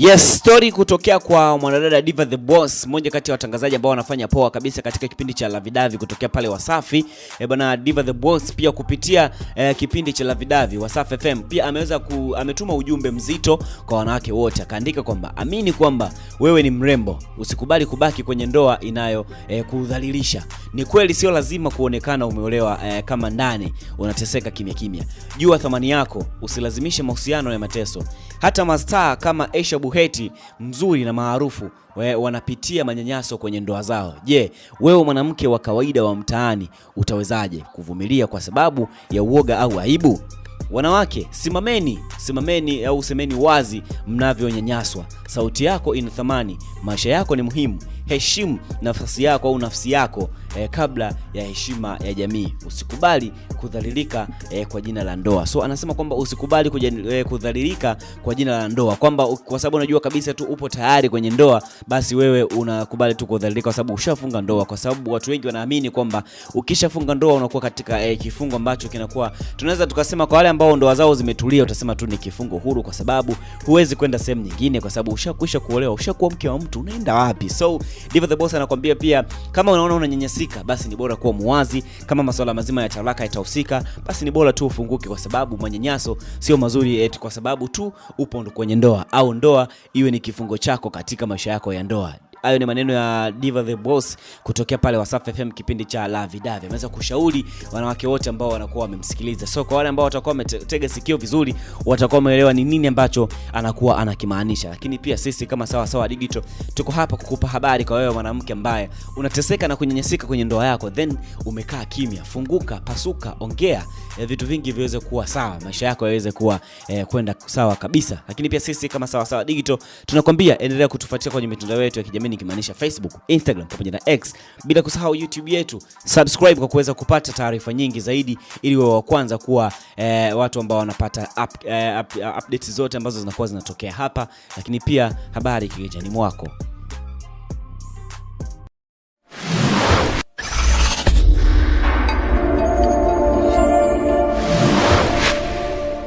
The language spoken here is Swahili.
Yes, story kutokea kwa mwanadada Diva the Boss, mmoja kati ya watangazaji ambao wanafanya poa kabisa katika kipindi cha Lavidavi kutokea pale Wasafi. E eh, bana, Diva the Boss pia kupitia e, kipindi cha Lavidavi Wasafi FM pia ameweza ku, ametuma ujumbe mzito kwa wanawake wote, akaandika kwamba amini kwamba wewe ni mrembo, usikubali kubaki kwenye ndoa inayo e, kudhalilisha. Ni kweli sio lazima kuonekana umeolewa eh, kama ndani unateseka kimya kimya. Jua thamani yako, usilazimishe mahusiano ya mateso. Hata mastaa kama Aisha Buheti mzuri na maarufu wanapitia manyanyaso kwenye ndoa zao. Je, wewe mwanamke wa kawaida wa mtaani utawezaje kuvumilia kwa sababu ya uoga au aibu? Wanawake, simameni, simameni au semeni wazi mnavyonyanyaswa sauti yako ina thamani, maisha yako ni muhimu. Heshimu nafasi yako au nafsi yako eh, kabla ya heshima ya jamii. Usikubali kudhalilika eh, kwa jina la ndoa. So anasema kwamba usikubali eh, kudhalilika kwa jina la ndoa, kwamba kwa sababu unajua kabisa tu upo tayari kwenye ndoa, basi wewe unakubali tu kudhalilika kwa sababu ushafunga ndoa, kwa sababu watu wengi wanaamini kwamba ukishafunga ndoa unakuwa katika eh, kifungo ambacho kinakuwa, tunaweza tukasema kwa wale ambao ndoa zao zimetulia, utasema tu ni kifungo huru, kwa sababu huwezi kwenda sehemu nyingine, kwa sababu ushakwisha kuolewa, ushakuwa mke wa mtu, unaenda wapi? So ndivyo the boss anakuambia pia, kama unaona unanyanyasika, basi ni bora kuwa muwazi. Kama masuala mazima ya talaka yatahusika basi ni bora tu ufunguke, kwa sababu manyanyaso sio mazuri eti kwa sababu tu upo kwenye ndoa, au ndoa iwe ni kifungo chako katika maisha yako ya ndoa. Hayo ni maneno ya Diva the Boss kutokea pale Wasafi FM, kipindi cha la Lavidavi. Ameweza kushauri wanawake wote ambao wanakuwa wamemsikiliza. So kwa wale ambao watakuwa wametega sikio vizuri, watakuwa wameelewa ni nini ambacho anakuwa anakimaanisha. Lakini pia sisi kama Sawa Sawa Digital tuko hapa kukupa habari kwa wewe mwanamke ambaye unateseka na kunyenyesika kwenye ndoa yako, then umekaa kimya. Funguka, pasuka, ongea, e, vitu vingi viweze kuwa sawa, maisha yako yaweze kuwa e, kwenda sawa kabisa. Lakini pia sisi kama Sawa Sawa Digital tunakwambia endelea kutufuatia kwenye mitandao yetu ya kijamii hivi nikimaanisha Facebook, Instagram pamoja na X, bila kusahau YouTube yetu. Subscribe kwa kuweza kupata taarifa nyingi zaidi, ili wewe wa kwanza kuwa eh, watu ambao wanapata up, eh, up, updates zote ambazo zinakuwa zinatokea hapa, lakini pia habari kiganjani mwako.